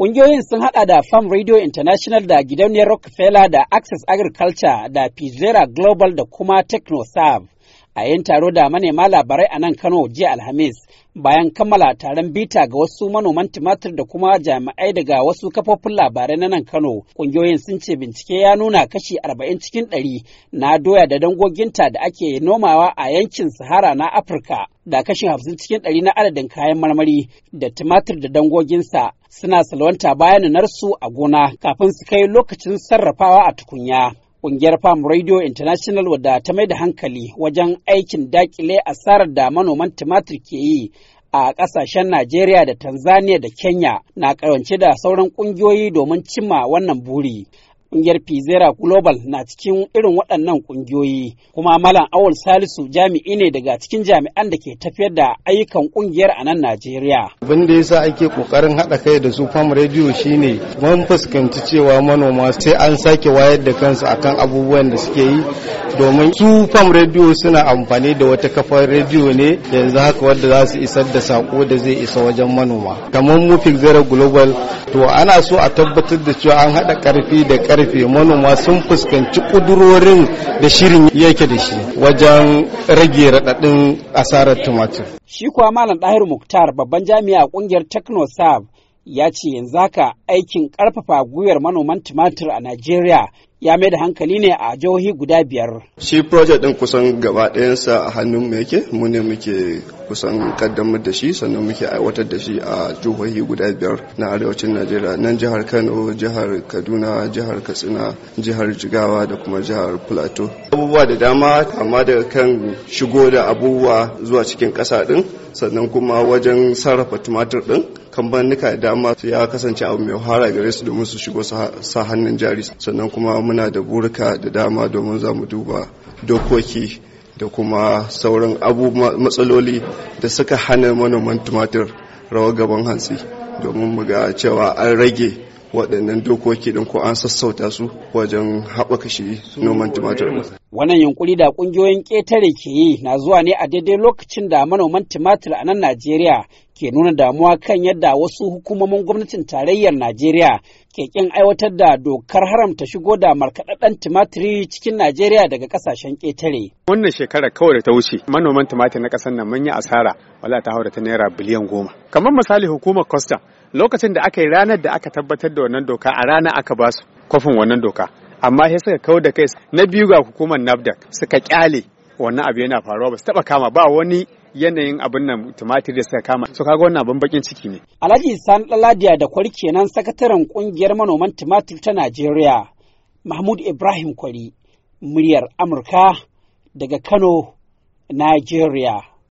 Ƙungiyoyin sun haɗa da Farm Radio International da gidauniyar Rockefeller da Access Agriculture da Pizera Global da kuma TechnoServe. a yin taro da manema labarai a nan Kano jiya Alhamis bayan kammala taron bita ga wasu manoman tumatir da kuma jami'ai daga wasu kafofin labarai na nan Kano. Kungiyoyin sun ce bincike ya nuna kashi arba'in cikin ɗari na doya da dangoginta da ake nomawa a yankin Sahara na Afirka da kashi hamsin cikin ɗari na adadin kayan marmari da tumatir da dangoginsa suna salwanta bayan narsu a gona kafin su kai lokacin sarrafawa a tukunya. Ƙungiyar Farm Radio International wadda ta mai da hankali wajen aikin dakile asarar da manoman tumatir ke yi a ƙasashen Najeriya da Tanzania da Kenya na karance da sauran ƙungiyoyi domin cimma wannan buri. kungiyar Pizera Global na cikin irin waɗannan ƙungiyoyi, kuma Malam Awul Salisu jami'i ne daga cikin jami'an da ke tafiyar da ayyukan ƙungiyar a nan Najeriya. Abin da yasa ake ƙoƙarin haɗa kai da su fam rediyo shine mun fuskanci cewa manoma sai an sake wayar da kansu akan abubuwan da suke yi domin su fam rediyo suna amfani da wata kafar radio ne yanzu haka wadda za su isar da sako da zai isa wajen manoma. Kamar mu Pizera Global to ana so a tabbatar da cewa an haɗa ƙarfi da ƙarfi karfe manoma sun fuskanci kudurorin da shirin yake da shi wajen rage raɗaɗin asarar tumatir. Shi kuwa Malam Ɗahir Muktar babban jami'a ƙungiyar TechnoSav ya ce yanzu haka aikin ƙarfafa gwiwar manoman tumatir a Najeriya ya mai da hankali ne a jihohi guda biyar. Shi project din kusan gaba ɗayansa a hannun mu yake mu ne muke kusan kaddamar da shi sannan muke aiwatar da shi a jihohi guda biyar na arewacin Najeriya nan jihar Kano, jihar Kaduna, jihar Katsina, jihar Jigawa da kuma jihar Plateau. Abubuwa da dama amma daga kan shigo da abubuwa zuwa cikin ƙasa ɗin sannan kuma wajen sarrafa tumatir ɗin kamfanika da dama ya kasance abu mai hara gare su domin su shigo sa hannun jari sannan kuma muna da burka da dama domin za mu duba dokoki da kuma sauran abu matsaloli da suka hana manoman tumatir rawa gaban hantsi domin mu ga cewa an rage waɗannan dokoki ɗin ko an sassauta su wajen haɓaka shi noman tumatir. Wannan yunkuri da ƙungiyoyin ƙetare ke yi na zuwa ne a daidai lokacin da manoman tumatir a nan Najeriya ke nuna damuwa kan yadda wasu hukumomin gwamnatin tarayyar Najeriya ke ƙin aiwatar da dokar haramta shigo da markaɗaɗɗen tumatiri cikin Najeriya daga ƙasashen ƙetare. Wannan shekara kawai da ta wuce manoman tumatir na ƙasar nan mun yi asara wala ta haura ta naira biliyan goma. Kamar misali hukumar Costa lokacin da aka yi ranar da aka tabbatar da wannan doka a rana aka ba su kwafin wannan doka amma sai suka kawo da kai na biyu ga hukumar nafdak suka kyale wannan abu yana faruwa ba su taba kama ba wani yanayin abin nan tumatir da suka kama su kaga wannan abin bakin ciki ne alhaji sani daladiya da kwari kenan sakataren kungiyar manoman tumatir ta najeriya mahmud ibrahim kwari muryar amurka daga kano najeriya